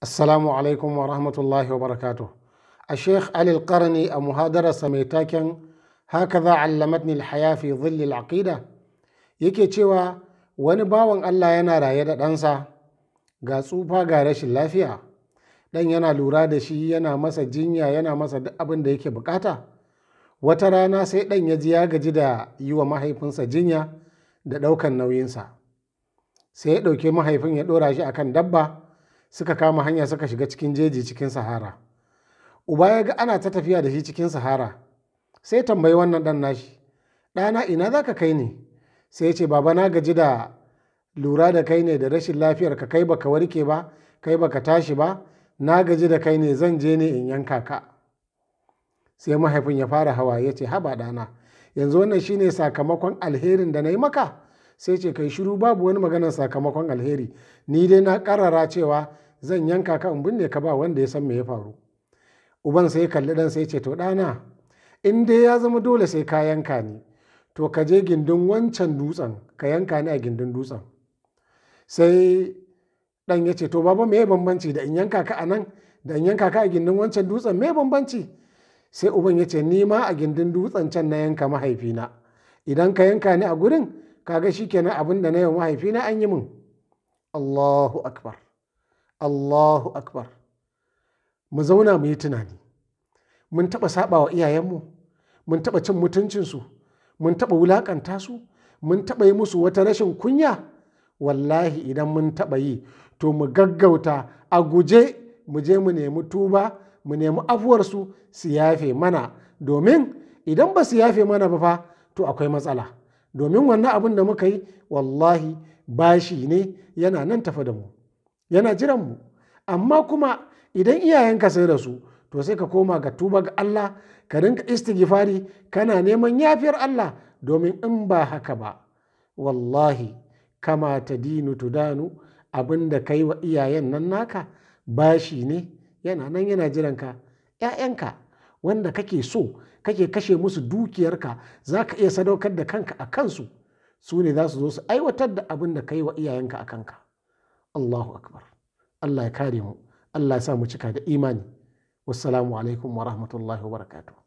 Assalamu alaikum wa rahmatullahi wa barakatuh. A Sheikh Ali Karni a muhadararsa mai taken haka za ni alhaya fi zilli al’aƙida yake cewa wani bawan Allah yana raye da ɗansa ga tsufa ga rashin lafiya. Ɗan yana lura da shi yana masa jinya yana masa duk abin da yake buƙata? Wata rana sai ɗan ya ji ya gaji da yi wa mahaifinsa jinya da ɗaukan nauyinsa. Sai ya ɗauke mahaifin ya ɗora shi akan dabba. suka kama hanya suka shiga cikin jeji cikin sahara uba ya ga ana ta tafiya da shi cikin sahara sai tambayi wannan dan nashi ɗana ina za ka kai ne sai ya ce baba na gaji da lura da kai ne da rashin lafiyar ka kai baka warke ba kai baka tashi ba na gaji da kai ne zan je ne in yanka ka sai mahaifin ya fara hawa ya ce haba ɗana yanzu wannan shine sakamakon alherin da na yi maka sai ce kai shiru babu wani maganar sakamakon alheri ni dai na karara cewa zan yanka ka in binne ka ba wanda ya san me ya faru uban sai kalli dan sai ce to ɗana in dai ya zama dole sai ka yanka ni to ka je gindin wancan dutsen ka yanka ni a gindin dutsen sai dan ya ce to baba me bambanci da in yanka ka a nan da in yanka ka a gindin wancan dutsen me bambanci sai uban ya ce ni ma a gindin dutsen can na yanka mahaifina idan ka yanka ni a gurin kaga shikenan abin abinda na yi mahaifina an yi min Allahu akbar Allahu akbar mu zauna mu yi tunani mun taɓa saɓa wa iyayenmu mun taɓa cin mutuncinsu mun taɓa wulaƙanta su mun taɓa yi musu wata rashin kunya wallahi idan mun taɓa yi to mu gaggauta a guje mu je mu nemi tuba mu nemi afuwarsu su yafe mana domin idan ba su yafe mana ba fa to akwai matsala domin wannan abin da muka yi wallahi bashi ne yana nan tafa da mu yana jiran mu amma kuma idan iyayenka sun rasu to sai ka koma ga tuba ga Allah ka rinka istighfari kana neman yafiyar Allah domin in ba haka ba wallahi kama ta dinu tudanu abinda kai wa iyayen nan naka bashi ne yana nan yana jiran ka ‘ya'yanka wanda kake so kake kashe musu dukiyarka za ka iya sadaukar da kanka a kansu su ne za su zo su aiwatar da abin da yi wa iyayenka a kanka. Allahu akbar Allah ya kare mu Allah ya sa mu cika da imani wassalamu alaikum wa rahmatullahi wa barakatuh